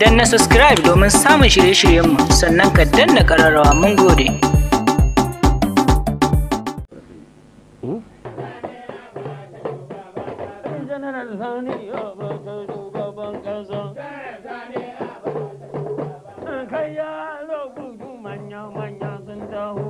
Dan na subscribe domin samun shirye-shiryenmu sannan ka danna kararrawa mun gode. Hmm? Kai manya-manya sun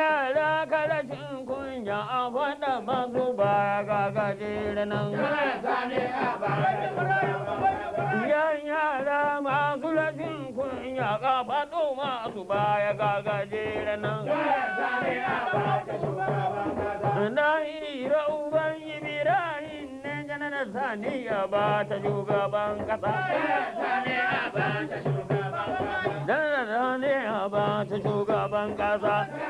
wajen an faɗa masu baya ga gajere nan. Yan yara masu rashin kunya ka faɗo masu baya ga gajere nan. Na hira yi Ibrahim ne janar saniya ba ta shugaban kasa. Janar saniya ba ta shugaban kasa.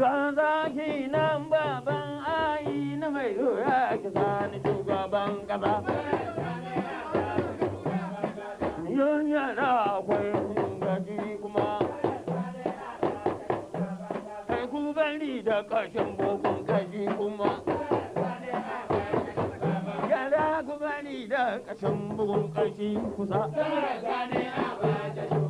Ga zaki nan ayi na mai yura ki sani shugaban kasa. Yan yana kuma. ku bari da kashin bokun kaji kuma. Yara ku da a baje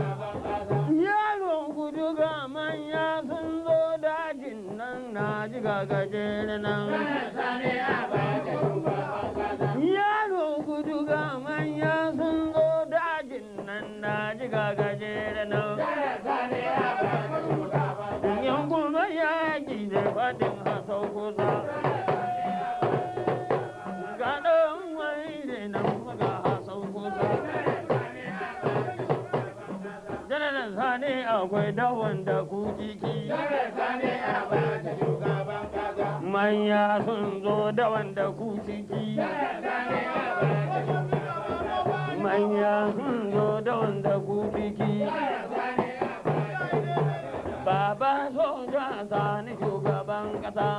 ga gajere nan yaro gudu ga manya sun zo dajin nan daji ga gajere nan yan kuma yaki da fadin hasau kusa akwai dawon da ku jiki. Manya sun zo dawon da ku jiki. Manya sun zo dawon da ku jiki. Baba soja sani shugaban kasa.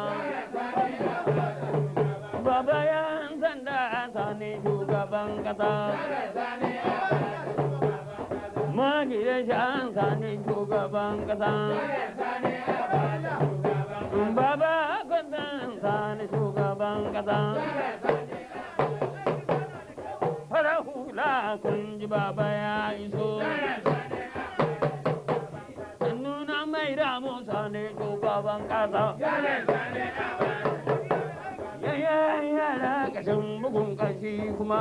Baba yan sanda sani shugaban kasa. magidan shi an sani shugaban kasa baba gwanzan sani shugaban kasa fara hula kun ji baba ya iso nuna mai ramu sani shugaban kasa yaya yara kashin bugun kashi kuma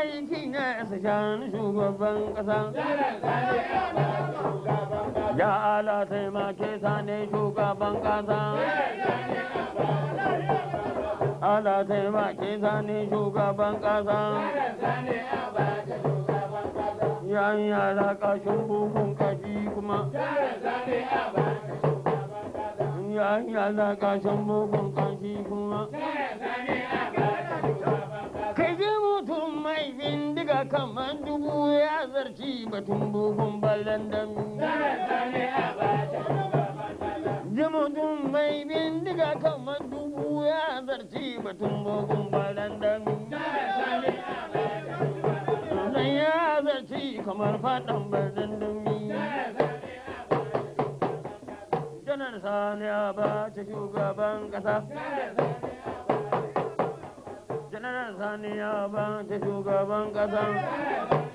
aiki na sashen shugaban kasa ya ala taimake sane shugaban kasa ala taimake sane shugaban kasa ya yi yara kashin bugun kaji kuma ya yi yara kashin bugun kaji kuma Kaman dubu ya zarci batun dogon ballon dami. Jimutun mai bindiga kamar dubu ya zarci batun dogon ballon dami. Nan ya zarci kamar faɗan ballon dami. Janar Sani Abacha shugaban ƙasa. sanarar sani ya ba ta shugaban ƙasa